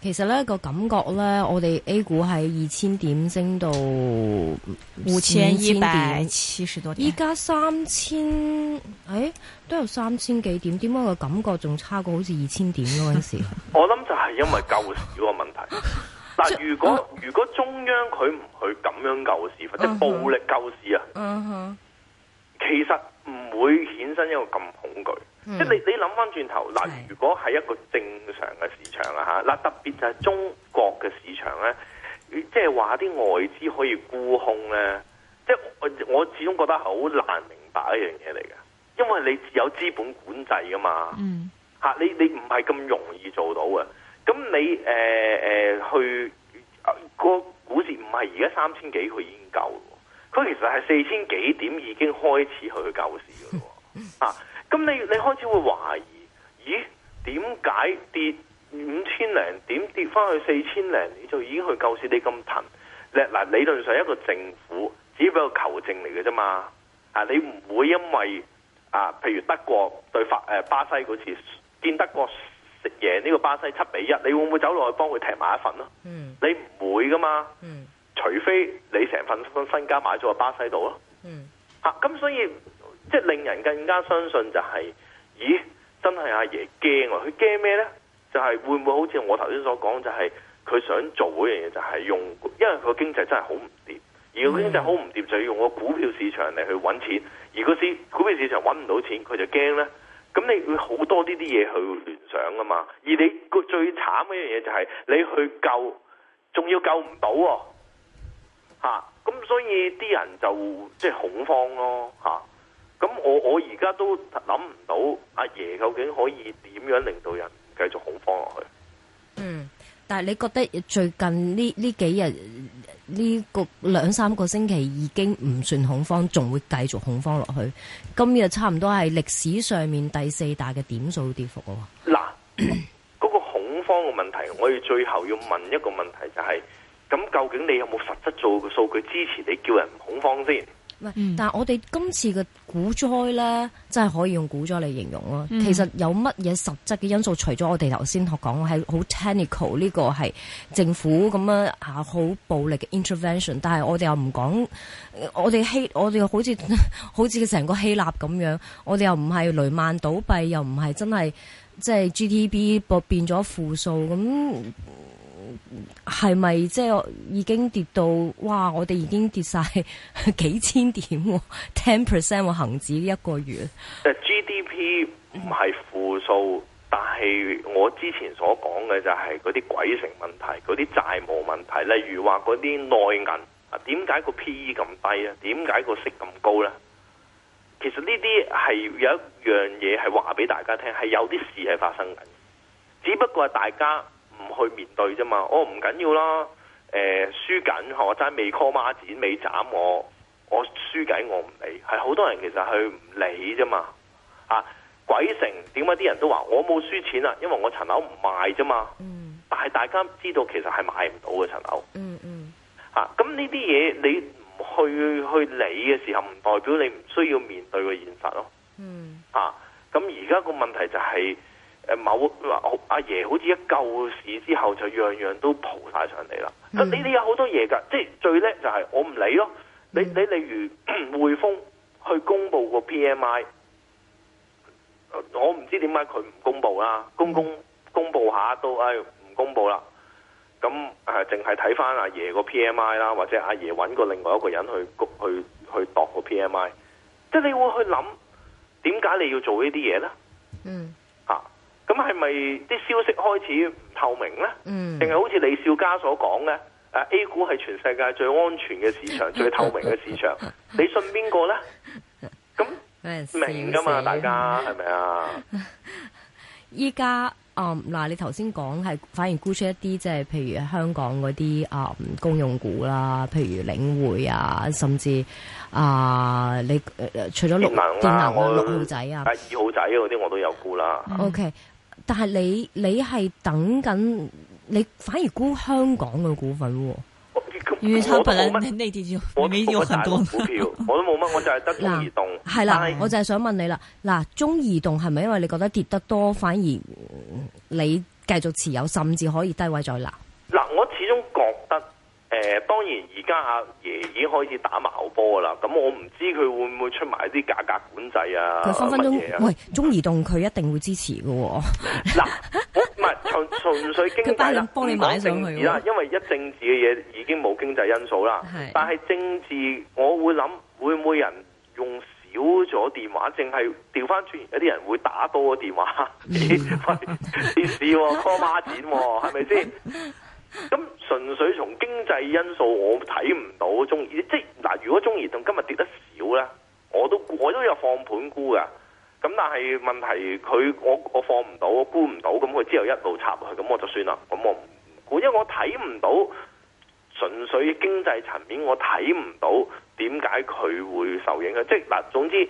其實呢、呢個感覺呢，我哋 A 股喺二千點升到五千一百七十多點，依家三千，誒都有三千幾點？點解個感覺仲差過好似二千點嗰陣時候？ 我諗就係因為救市個問題。但如果、啊、如果中央佢唔去咁樣救市，或者暴力救市啊哼，其實唔會衍生一個咁恐懼。即係你，你諗翻轉頭嗱，如果係一個正常嘅市場啦吓，嗱，特別就係中國嘅市場咧，即係話啲外資可以沽空咧，即係我我始終覺得好難明白一樣嘢嚟嘅，因為你有資本管制噶嘛，吓你你唔係咁容易做到嘅，咁你誒誒、呃呃、去、呃個股市唔係而家三千幾佢已經夠，佢其實係四千幾點已經開始去救市噶咯，啊！ 咁你你開始會懷疑，咦？點解跌五千零點跌翻去四千零，你就已經去救市？你咁頻咧？嗱，理論上一個政府只俾個球證嚟嘅啫嘛。吓、啊，你唔會因為啊，譬如德國對法誒、呃、巴西嗰次，見德國食贏呢個巴西七比一，你會唔會走落去幫佢踢埋一份咯？嗯，mm. 你唔會噶嘛？嗯，mm. 除非你成份身家買咗個巴西度咯。嗯、啊，吓咁所以。即係令人更加相信就係、是，咦？真係阿爺驚啊！佢驚咩呢？就係、是、會唔會好似我頭先所講，就係佢想做嗰樣嘢，就係用，因為佢經濟真係好唔掂，而個經濟好唔掂就要用個股票市場嚟去揾錢，而個股票市場揾唔到錢，佢就驚呢。咁你會好多呢啲嘢去聯想噶嘛？而你個最慘嘅一樣嘢就係你去救，仲要救唔到、啊，吓、啊、咁，那所以啲人就即係、就是、恐慌咯，吓、啊。咁我我而家都諗唔到阿爺究竟可以點樣令到人繼續恐慌落去？嗯，但係你覺得最近呢呢幾日呢、呢個兩三個星期已經唔算恐慌，仲會繼續恐慌落去？今日差唔多係歷史上面第四大嘅點數跌幅咯。嗱，嗰嘍 個恐慌嘅問題，我哋最後要問一個問題、就係，就係咁究竟你有冇實質做嘅數據支持你叫人恐慌先？但係我哋今次嘅股災呢，真係可以用股災嚟形容咯。其實有乜嘢實質嘅因素？除咗我哋頭先講，係好 technical 呢個係政府咁樣啊，好暴力嘅 intervention。但係我哋又唔講，我哋希我哋好似好似成個希臘咁樣，我哋又唔係雷曼倒閉，又唔係真係即係 GDP 變咗負數咁。係咪即係已經跌到哇？我哋已經跌晒幾千點，ten percent 喎，恒指一個月。誒，G D P 唔係負數，嗯、但係我之前所講嘅就係嗰啲鬼城問題，嗰啲債務問題，例如話嗰啲內銀啊，點解個 P E 咁低啊？點解個息咁高呢？其實呢啲係有一樣嘢係話俾大家聽，係有啲事係發生緊，只不過係大家。唔去面對啫嘛、哦呃，我唔緊要啦，誒輸緊，我仲未 call 孖展未斬我，我輸緊我唔理，係好多人其實去唔理啫嘛，啊鬼城點解啲人都話我冇輸錢啊，因為我層樓唔賣啫嘛，嗯，但係大家知道其實係買唔到嘅層樓，嗯嗯，啊咁呢啲嘢你唔去去理嘅時候，唔代表你唔需要面對個現實咯，嗯，啊咁而家個問題就係、是。誒，某阿爺、啊、好似一救市之後就樣樣都蒲晒上嚟啦。嗯、你哋有好多嘢噶，即係最叻就係、是、我唔理咯。嗯、你你例如匯豐 去公布個 P M I，、呃、我唔知點解佢唔公布啦。嗯、公公公布下都誒唔、哎、公布啦。咁誒淨係睇翻阿爺個 P M I 啦，或者阿爺揾個另外一個人去去去度個 P M I。即係你會去諗點解你要做呢啲嘢咧？嗯。係咪啲消息開始唔透明咧？嗯，定係好似李少嘉所講咧？誒，A 股係全世界最安全嘅市場， 最透明嘅市場。你信邊個咧？咁死明噶嘛？大家係咪 啊？依家誒，嗱、嗯，你頭先講係反而沽出一啲，即係譬如香港嗰啲誒公用股啦、啊，譬如領匯啊，甚至啊，你、呃、除咗六電能六、啊啊、我號仔啊，二號仔嗰啲，我都有沽啦。O K、嗯。Okay。但係你你係等緊，你反而沽香港嘅股份喎。越炒不啦？內地我未有行到股票， 我都冇乜，我就係得中移動。係啦，Hi. 我就係想問你啦，嗱，中移動係咪因為你覺得跌得多，反而你繼續持有，甚至可以低位再拿？嗱，我始終覺得。誒、呃，當然而家阿爺已經開始打矛波啦。咁我唔知佢會唔會出埋啲價格管制啊？佢分分、啊、喂，中移動佢一定會支持噶、哦。嗱、啊，唔係純純粹經濟啦，幫你買上去啦。因為一政治嘅嘢已經冇經濟因素啦。是但係政治我會諗，會唔會人用少咗電話，淨係調翻轉，有啲人會打多個電話？喂、嗯，啲事 call 孖展係咪先？咁。 純粹從經濟因素我看不，我睇唔到中移，即嗱、啊。如果中移動今日跌得少咧，我都我都有放盤沽嘅。咁但係問題佢我我放唔到，沽唔到，咁佢之後一路插落去，咁我就算啦。咁我唔沽，因為我睇唔到，純粹經濟層面我睇唔到點解佢會受影響。即係嗱、啊，總之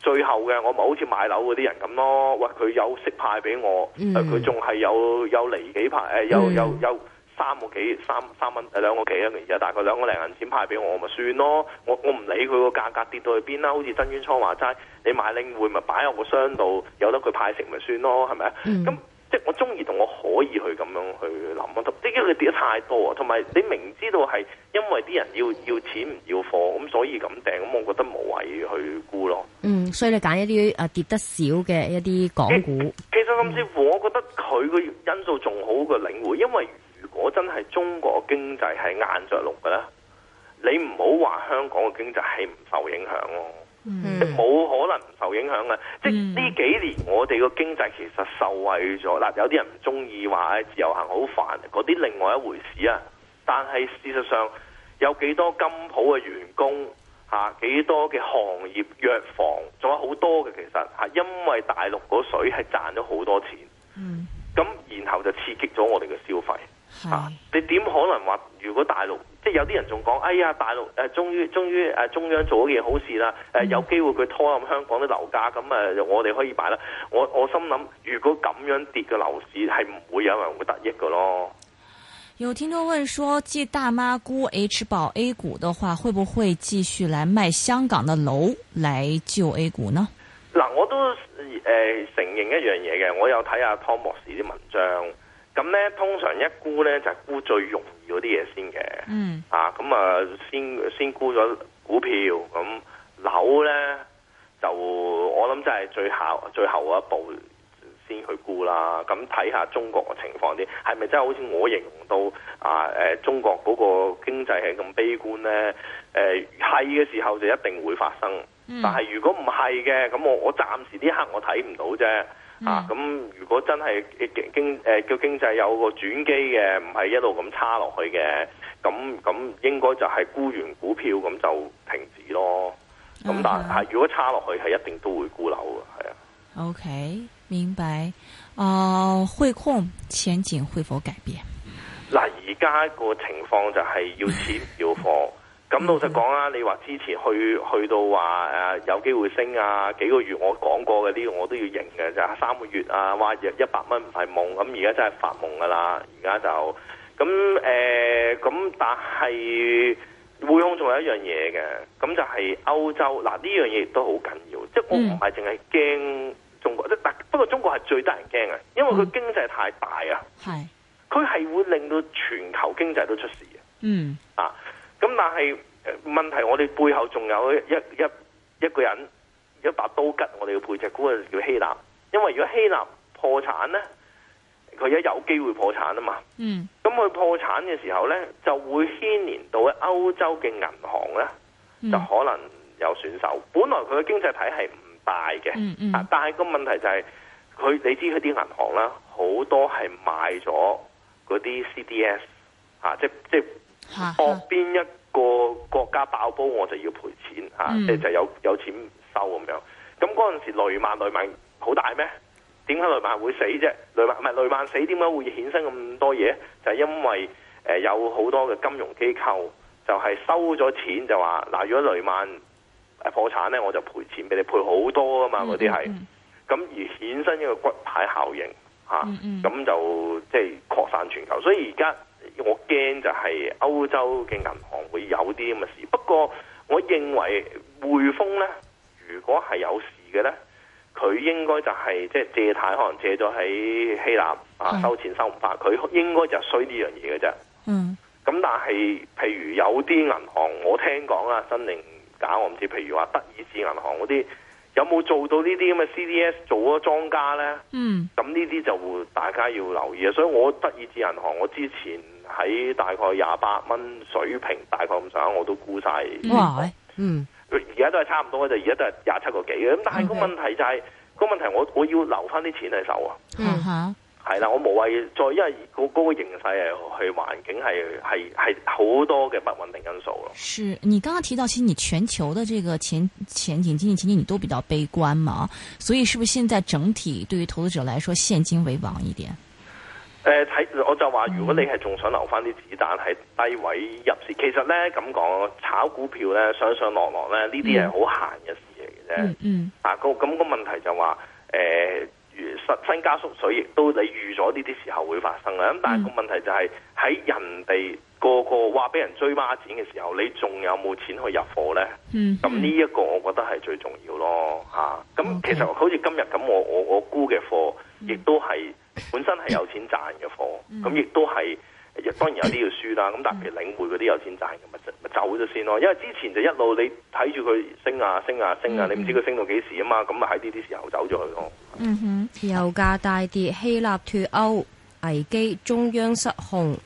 最後嘅我咪好似買樓嗰啲人咁咯。喂，佢有息派俾我，佢仲係有有嚟幾排，誒，有有有。嗯，有有有三個幾三三蚊，誒，兩個幾啊，而家大概兩個零銀錢派俾我咪算咯，我我唔理佢個價格跌到去邊啦，好似曾淵滄話齋，你買領匯咪擺喺個箱度，由得佢派食咪算咯，係咪啊？咁、嗯、即係我中意同我可以去咁樣去諗咯，即佢跌得太多啊，同埋你明知道係因為啲人要要錢唔要貨咁，所以咁定，咁我覺得無謂去估咯。嗯，所以你揀一啲誒、啊、跌得少嘅一啲港股。其實甚至乎我覺得佢個因素仲好過領匯，因為。真係中國經濟係硬着陸嘅咧，你唔好話香港嘅經濟係唔受影響咯。冇、嗯、可能唔受影響嘅。即呢幾年我哋個經濟其實受惠咗，嗱、嗯、有啲人唔中意話，自由行好煩，嗰啲另外一回事啊。但係事實上有幾多金鋪嘅員工嚇，幾、啊、多嘅行業藥房仲有好多嘅其實嚇、啊，因為大陸嗰水係賺咗好多錢，咁、嗯、然後就刺激咗我哋嘅消費。是啊！你點可能話？如果大陸即係有啲人仲講，哎呀，大陸誒，終於終於誒、啊，中央做咗件好事啦，誒、呃，嗯、有機會佢拖暗香港啲樓價，咁誒、呃，我哋可以買啦。我我心諗，如果咁樣跌嘅樓市係唔會有人會得益嘅。咯有聽眾問說，季大媽估 H 寶 A 股的話，會不會繼續來賣香港的樓來救 A 股呢？嗱、啊，我都誒、呃、承認一樣嘢嘅，我有睇下湯博士啲文章。咁咧，通常一沽咧就係、是、沽最容易嗰啲嘢先嘅、嗯啊，嗯，啊，咁啊，先先沽咗股票，咁樓咧就我諗真係最後最後一步先去沽啦。咁睇下中國嘅情況啲，係咪真係好似我形容到啊？誒、呃，中國嗰個經濟係咁悲觀咧？誒、呃，係嘅時候就一定會發生，但係如果唔係嘅，咁、嗯、我我暫時呢一刻我睇唔到啫。啊，咁如果真係經經誒叫經濟有個轉機嘅，唔係一路咁差落去嘅，咁咁應該就係沽完股票咁就停止咯。咁但係如果差落去係一定都會沽樓嘅，係啊。OK，明白。哦、呃，匯控前景會否改變？嗱、啊，而家個情況就係要錢要貨。 咁、嗯、老實講啊，你話之前去去到話誒、啊、有機會升啊幾個月，我講過嘅呢個我都要認嘅，就、啊、係三個月啊，話一百蚊唔係夢，咁而家真係發夢噶啦，而家就咁誒，咁、啊啊、但係匯控仲有一樣嘢嘅，咁、啊、就係、是、歐洲嗱呢、啊、樣嘢亦都好緊要，即係、嗯、我唔係淨係驚中國，即不過中國係最得人驚嘅，因為佢經濟太大啊，係佢係會令到全球經濟都出事嘅，嗯啊。咁但係問題，我哋背後仲有一一一,一個人，一把刀吉，我哋嘅配只股啊叫希臘。因為如果希臘破產呢，佢一有機會破產啊嘛。嗯。咁佢破產嘅時候呢，就會牽連到喺歐洲嘅銀行呢，就可能有損手。嗯、本來佢嘅經濟體係唔大嘅、嗯，嗯嗯、啊。但係個問題就係、是，佢你知佢啲銀行啦，好多係賣咗嗰啲 CDS，啊，即即。我邊、啊啊、一個國家爆煲，我就要賠錢吓，即、嗯啊、就是、有有錢收咁樣。咁嗰陣時雷曼雷曼好大咩？點解雷曼會死啫？雷曼唔係雷曼死，點解會衍生咁多嘢？就係、是、因為誒、呃、有好多嘅金融機構就係收咗錢就，就話嗱，如果雷曼破產咧，我就賠錢俾你，賠好多啊嘛。嗰啲係咁而衍生一個骨牌效應吓，咁、啊嗯嗯啊、就即係擴散全球。所以而家。我驚就係歐洲嘅銀行會有啲咁嘅事，不過我認為匯豐呢，如果係有事嘅呢，佢應該就係、是、即係借貸可能借咗喺希臘的啊收錢收唔翻，佢應該就衰呢樣嘢嘅啫。嗯，咁但係譬如有啲銀行，我聽講啊，真定假我唔知道。譬如話德意志銀行嗰啲，有冇做到呢啲咁嘅 CDS 做咗莊家呢？嗯，咁呢啲就會大家要留意啊。所以我德意志銀行我之前。喺大概廿八蚊水平，大概咁上下我都估晒。哇、哎！嗯，而家都係差唔多嘅，就而家都係廿七個幾嘅。咁但係個問題就係、是，個問題我我要留翻啲錢喺手啊。嗯哼哈，係啦，我無謂再因為個嗰個形勢啊，去環境係係係好多嘅不穩定因素咯。是你剛剛提到，其實你全球的這個前前景、經濟前景，前景你都比較悲觀嘛？所以，是不是現在整體對於投資者來說，現金為王一點？誒，睇、呃、我就話，如果你係仲想留翻啲子彈，係、嗯、低位入市，其實咧咁講炒股票咧，上上落落咧，呢啲係好閒嘅事嚟嘅啫。嗯嗯。啊，個咁、那個問題就話，誒、呃，新新加縮水亦都你預咗呢啲時候會發生啦。咁但係個問題就係、是、喺、嗯、人哋個個話俾人追孖展嘅時候，你仲有冇錢去入貨咧？嗯。咁呢一個我覺得係最重要咯，吓、啊。咁、嗯、其實好似今日咁，我我我沽嘅貨亦都係。嗯本身係有錢賺嘅貨，咁亦都係，當然有啲要輸啦。咁但係領匯嗰啲有錢賺嘅咪走咗先咯。因為之前就一路你睇住佢升啊升啊升啊，嗯、你唔知佢升到幾時啊嘛，咁啊喺呢啲時候走咗去咯。嗯哼，油價大跌，希臘脫歐危機，中央失控，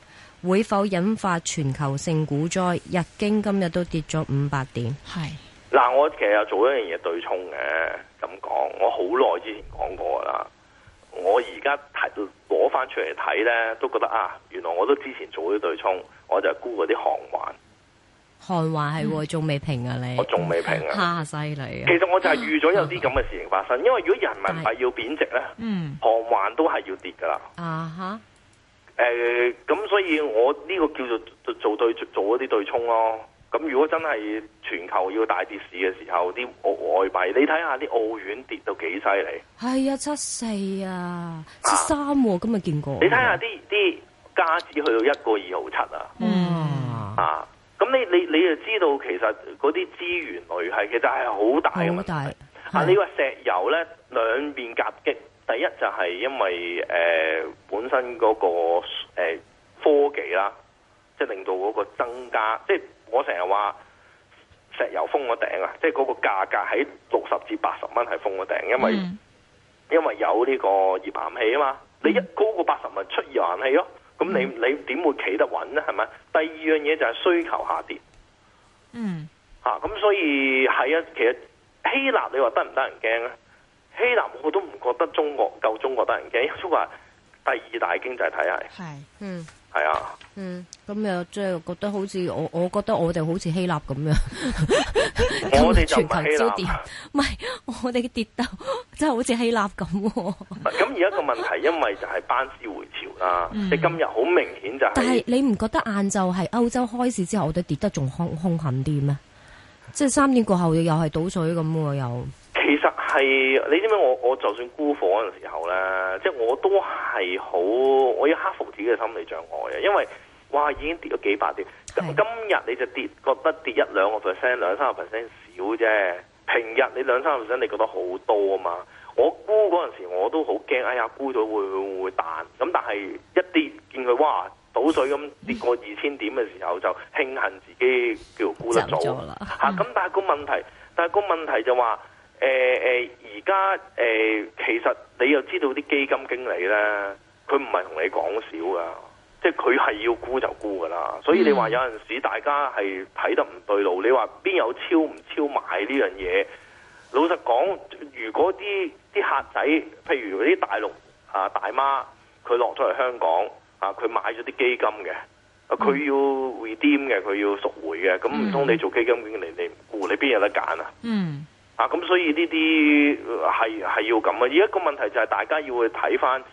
會否引發全球性股災？日經今日都跌咗五百點。係嗱是，我其實做了一樣嘢對沖嘅，咁講，我好耐之前講過啦。我而家睇攞翻出嚟睇呢，都覺得啊，原來我都之前做咗對沖，我就沽嗰啲韓環，韓環係仲未平啊你，我仲未平啊，吓犀利啊！其實我就係預咗有啲咁嘅事情發生， 因為如果人民幣要貶值呢，嗯，韓環都係要跌噶啦，啊哈，咁、呃、所以我呢個叫做做對做嗰啲對沖咯。咁如果真係全球要大跌市嘅時候，啲外外幣，你睇下啲澳元跌到幾犀利？係啊、哎，七四啊，七三、啊啊、今日見過。你睇下啲啲加紙去到一個二毫七啊！嗯啊，咁你你你就知道其實嗰啲資源類係其實係好大，好大啊！你話石油咧，兩邊夾擊，第一就係因為、呃、本身嗰、那個、呃、科技啦，即、就、係、是、令到嗰個增加，即、就是我成日話石油封頂，就是、那個頂啊，即係嗰個價格喺六十至八十蚊係封個頂，因為、mm. 因為有呢個頁岩氣啊嘛，mm. 你一高過八十咪出頁岩氣咯，咁你、mm. 你點會企得穩呢？係咪？第二樣嘢就係需求下跌。嗯、mm. 啊，吓咁所以係啊，其實希臘你話得唔得人驚啊？希臘我都唔覺得中國夠中國得人驚，因為中國係第二大經濟體系。係，嗯。係啊，嗯，咁又即係覺得好似我，我覺得我哋好似希臘咁樣，我哋就唔係希臘，唔係 我哋跌得真係好似希臘咁。咁而家個問題，因為就係班師回朝啦，即今日好明顯就係。但係你唔覺得晏晝係歐洲開市之後，我哋跌得仲凶凶狠啲咩？即係三點過後又係倒水咁又。其實。係，你知唔知我我就算沽貨嗰陣時候呢，即係我都係好我要克服自己嘅心理障礙嘅，因為哇已經跌咗幾百點，是今日你就跌覺得跌一兩個 percent、兩三個 percent 少啫，平日你兩三個 percent 你覺得好多啊嘛，我沽嗰陣時候我都好驚，哎呀沽到會唔會會彈，咁但係一跌見佢哇倒水咁跌過二千點嘅時候，嗯、就慶幸自己叫做沽得早，吓咁、嗯啊、但係個問題，但係個問題就話。誒誒，而家誒，其實你又知道啲基金經理咧，佢唔係同你講少噶，即係佢係要沽就沽噶啦。所以你話有陣時大家係睇得唔對路，你話邊有超唔超買呢樣嘢？老實講，如果啲啲客仔，譬如啲大陸啊大媽，佢落咗嚟香港啊，佢買咗啲基金嘅，佢、嗯、要 redeem 嘅，佢要贖回嘅，咁唔通你做基金經理，你唔顧，你邊有得揀啊？嗯。啊，咁所以呢啲係係要咁啊！而家個問題就係大家要去睇翻，誒、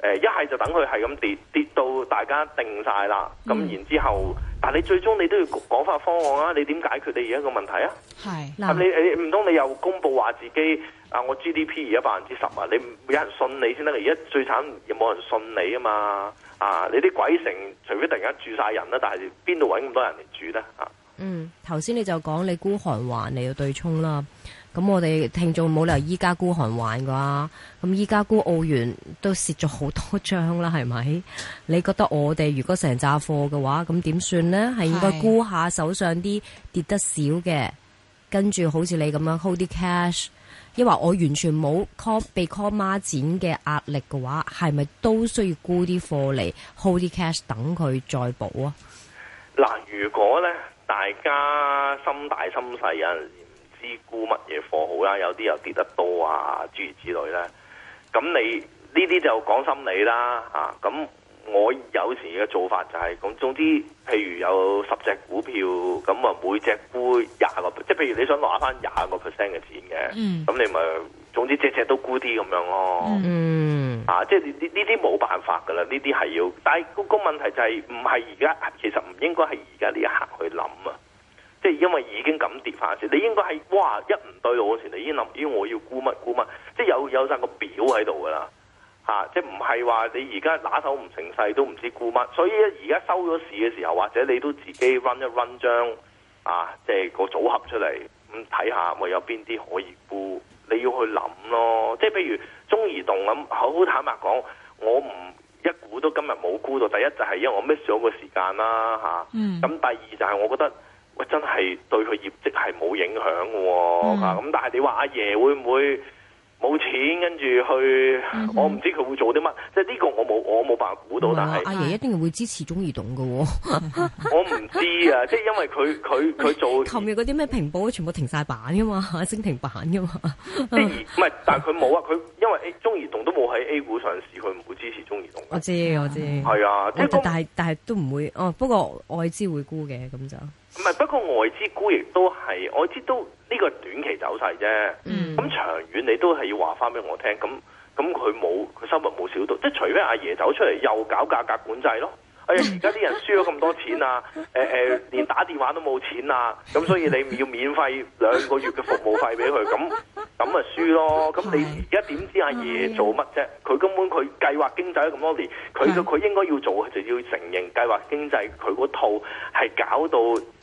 呃，一係就等佢係咁跌跌到大家定晒啦，咁、啊嗯、然之後，但係你最終你都要講翻方案啊！你點解決？你而家個問題啊？係，咁、呃啊、你你唔通你又公布話自己啊？我 GDP 而家百分之十啊！你有人信你先得，而家最慘又冇人信你啊嘛！啊，你啲鬼城除非突然間住晒人啦，但係邊度搵咁多人嚟住咧？啊，嗯，頭先你就講你孤寒還你要對沖啦。咁我哋聽眾冇理由依家沽韓圜㗎、啊，咁依家沽澳元都蝕咗好多張啦，係咪？你覺得我哋如果成紮貨嘅話，咁點算呢？係是應該沽下手上啲跌得少嘅，跟住好似你咁樣 hold 啲 cash，因為我完全冇 call 被 call 孖展嘅壓力嘅話，係咪都需要沽啲貨嚟 hold 啲 cash 等佢再補啊？嗱，如果咧大家心大心細有啲沽乜嘢貨好啦，有啲又跌得多啊，諸如此類咧。咁你呢啲就講心理啦，啊，咁我有時嘅做法就係、是、咁，總之譬如有十隻股票，咁啊每隻沽廿個，即係譬如你想攞翻廿個 percent 嘅錢嘅，咁、嗯、你咪總之隻隻都沽啲咁樣咯、啊。嗯，啊，即係呢啲冇辦法噶啦，呢啲係要，但係個個問題就係唔係而家，其實唔應該係而家呢一刻去諗啊。即係因為已經咁跌翻先，你應該係哇一唔對路嘅時，你已經諗，已經我要沽乜沽乜、啊，即係有有曬個表喺度噶啦，嚇！即係唔係話你而家拿手唔成勢都唔知沽乜，所以而家收咗市嘅時候，或者你都自己 run 一 run 張啊，即係個組合出嚟咁睇下，喂、嗯，看看有邊啲可以沽？你要去諗咯，即係譬如中移動咁，好坦白講，我唔一股都今日冇沽到，第一就係因為我 miss 咗個時間啦，嚇。咁第二就係我覺得。真係對佢業績係冇影響嘅，咁但係你話阿爺會唔會冇錢跟住去？我唔知佢會做啲乜。即係呢個我冇我冇辦法估到。但係阿爺一定係會支持中移動嘅，我唔知啊，即係因為佢佢佢做，琴日嗰啲咩平保全部停曬板嘅嘛，升停板嘅嘛，唔係？但係佢冇啊，佢因為中移動都冇喺 A 股上市，佢唔會支持中移動。我知我知，係啊，但係但係都唔會，哦，不過外資會沽嘅咁就。唔、嗯嗯、不過外資股亦都係外資都呢、呢個短期走勢啫。咁長遠你都係要話翻俾我聽。咁咁佢冇佢收入冇少到，即係除非阿爺走出嚟又搞價格管制咯。哎呀，而家啲人輸咗咁多錢啊！誒、 呃、連打電話都冇錢啊！咁所以你要免費兩個月嘅服務費俾佢，咁咁咪輸咯。咁你而家點知阿爺做乜啫？佢 根本佢計劃經濟咁多年，佢佢 應該要做就要承認計劃經濟，佢嗰套係搞到。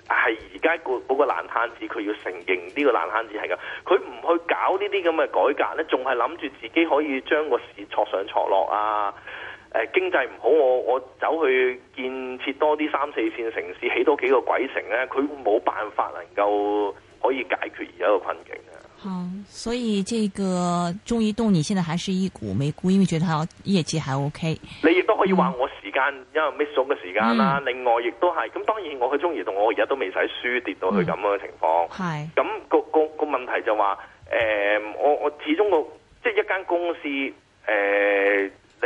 係而家個嗰個爛攤子，佢要承認呢個爛攤子係咁。佢唔去搞呢啲咁嘅改革呢，仲係諗住自己可以將個市挫上挫落啊！誒、呃，經濟唔好，我我走去建設多啲三四線城市，起多幾個鬼城咧，佢冇辦法能夠可以解決而家個困境啊！好，所以這個中移動，你現在還是一股沒沽，因為覺得佢業績還 OK。你亦都可以話我時間，嗯、因為未上嘅時間啦。嗯、另外亦都係，咁當然我去中移動，我而家都未使輸跌到去咁樣嘅情況。係咁、嗯那個個個問題就話，誒、呃，我我始終我即係一間公司，誒、呃，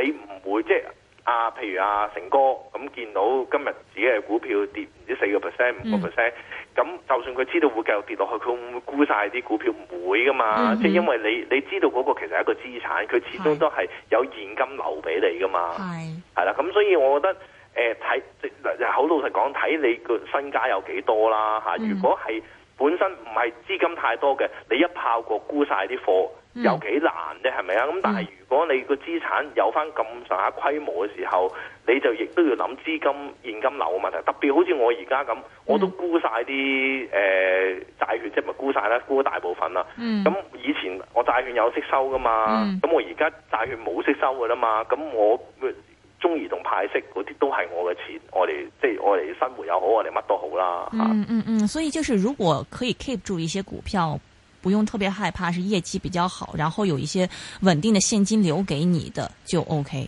你唔會即係啊，譬如阿、啊、成哥咁、嗯、見到今日自己嘅股票跌唔知四個 percent，五個 percent。咁就算佢知道會繼續跌落去，佢會唔會沽晒啲股票？唔會㗎嘛，即係、mm hmm. 因為你你知道嗰個其實係一個資產，佢始終都係有現金流俾你㗎嘛。係係啦，咁、hmm. 所以我覺得，誒睇即係好老實講，睇你個身家有幾多啦吓。如果係本身唔係資金太多嘅，你一炮過沽晒啲貨。有幾難咧，係咪啊？咁但係如果你個資產有翻咁上下規模嘅時候，你就亦都要諗資金現金流嘅問題。特別好似我而家咁，我都沽曬啲誒債券，即係唔係沽曬啦？沽大部分啦。咁、嗯、以前我債券有息收噶嘛，咁、嗯、我而家債券冇息收噶啦嘛。咁我中移動派息嗰啲都係我嘅錢，我哋即係我哋生活又好，我哋乜都好啦、嗯。嗯嗯嗯，所以就係如果可以 keep 住一些股票。不用特別害怕，是業績比較好，然後有一些穩定的現金流給你的就 OK。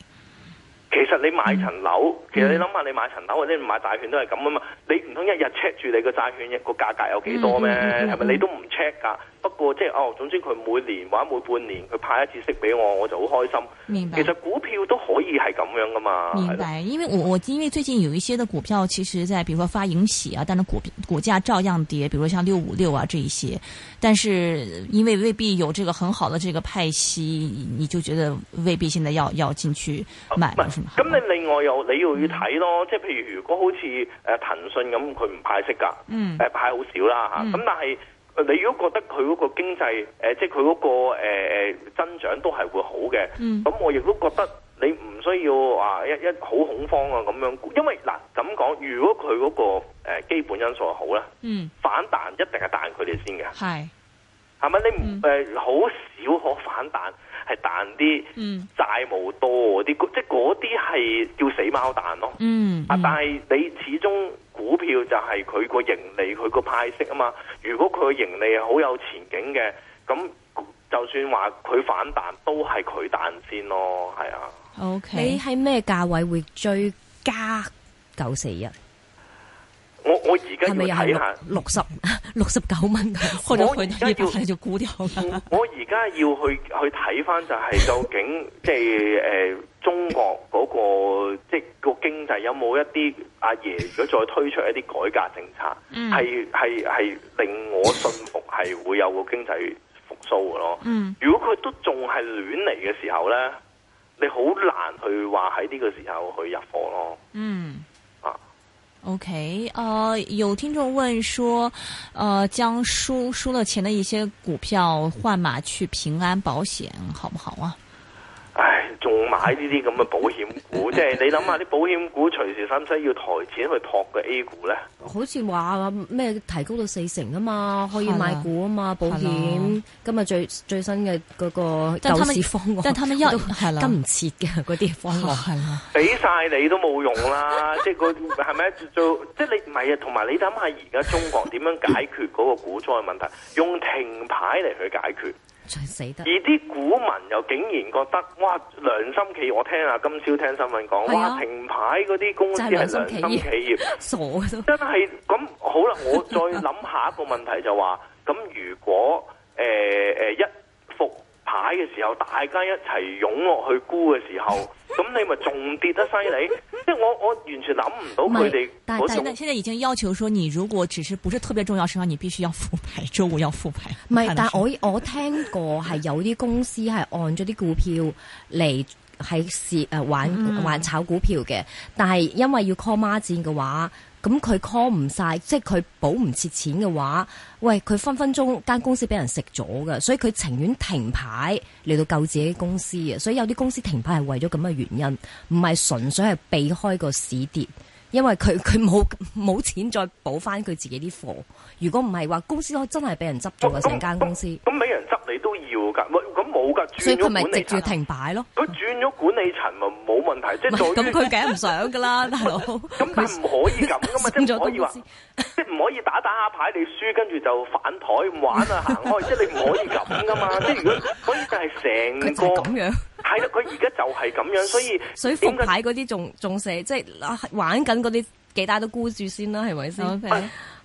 其實你買層樓，嗯、其實你諗下，你買層樓或者、嗯、買債券都係咁啊嘛，你唔通一日 check 住你個債券個價格有幾多咩？係咪、嗯嗯嗯、你都唔 check 㗎？不過即係哦，總之佢每年或者每半年佢派一次息俾我，我就好開心。明白。其實股票都可以係咁樣噶嘛。明白，的因為我我因為最近有一些嘅股票，其實在，比如說發盈喜啊，但係股股價照樣跌，比如說像六五六啊這一些，但是因為未必有這個很好的這個派息，你就覺得未必現在要要進去買。咁你另外又你要去睇咯，即係、嗯、譬如如果好似誒騰訊咁，佢、啊、唔派息噶，嗯，誒派好少啦吓，咁、嗯啊、但係。你如果覺得佢嗰個經濟，呃、即係佢嗰個誒、呃、增長都係會好嘅，咁、嗯、我亦都覺得你唔需要話、啊、一一好恐慌啊咁樣，因為嗱咁講，如果佢嗰、嗰個、呃、基本因素係好啦，嗯、反彈一定係彈佢哋先嘅，係係咪你唔誒好少可反彈係彈啲、嗯、債務多啲，即係嗰啲係叫死貓彈咯，嗯嗯、啊！但係你始終。股票就係佢個盈利，佢個派息啊嘛。如果佢盈利係好有前景嘅，咁就算話佢反彈，都係佢彈先咯。係啊。OK，你喺咩價位會追加九四一？我我而家要睇下六,六十六十九蚊，我而家要我而家要去去睇翻，就係究竟即係誒，中國嗰個即係個經濟有冇一啲阿爺，如果再推出一啲改革政策，係係、嗯、令我信服，係會有個經濟復甦嘅咯。嗯。如果佢都仲係亂嚟嘅時候呢，你好難去話喺呢個時候去入貨咯。嗯。OK，呃，有聽眾問說，呃，將輸輸了錢的一些股票換馬去平安保險，好不好啊？仲買呢啲咁嘅保險股，即係 你諗下啲保險股隨時使唔使要抬錢去托個 A 股咧？好似話咩提高到四成啊嘛，可以買股啊嘛，的保險的今日最最新嘅嗰個救市方案，但係佢哋都跟唔切嘅嗰啲方案，俾晒的你都冇用啦。 即係個係咪做？即係你唔係啊。同埋你諗下而家中國點樣解決嗰個股災問題？ 用停牌嚟去解決。死而啲股民又竟然覺得，哇！良心企業，我聽啊，今朝聽新聞講話停牌嗰啲公司係良心企業。企業 傻嘅都真係咁好啦， 我再諗下一個問題就，就話：「咁如果誒誒、呃呃、一。牌嘅時候，大家一齊湧落去沽嘅時候，咁 你咪仲跌得犀利。 即係我我完全諗唔到佢哋嗰種。但係，但係，現在已經要求說，你如果只是不是特別重要時候，你必須要復牌，周五要復牌。唔係是，但係我我聽過係有啲公司係按咗啲股票嚟喺市誒玩、嗯、玩炒股票嘅，但係因為要 call 孖展嘅話。咁佢 call 唔晒，即係佢補唔切錢嘅話，喂，佢分分鐘間公司俾人食咗嘅，所以佢情願停牌嚟到救自己公司嘅，所以有啲公司停牌係為咗咁嘅原因，唔係純粹係避開個市跌，因為佢佢冇冇錢再補翻佢自己啲貨，如果唔係話公司真係俾人執咗嘅成間公司。公公公公你都要噶，唔咁冇噶，轉咗管理層。所以佢咪借住停擺咯？佢轉咗管理層咪冇問題，即係做咁佢梗係唔想噶啦，大佬。咁你唔可以咁噶嘛，即係唔可以話，即係唔可以打打下牌你輸，跟住就反台玩啊行開，即係你唔可以咁噶嘛。即係如果嗰啲就係成個佢就咁樣。係啦，佢而家就係咁樣，所以。所以伏牌嗰啲仲仲死，即係玩緊嗰啲幾大都孤住先啦，係咪先？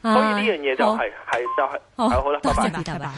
所以呢樣嘢就係係就係好啦，多謝你，拜拜。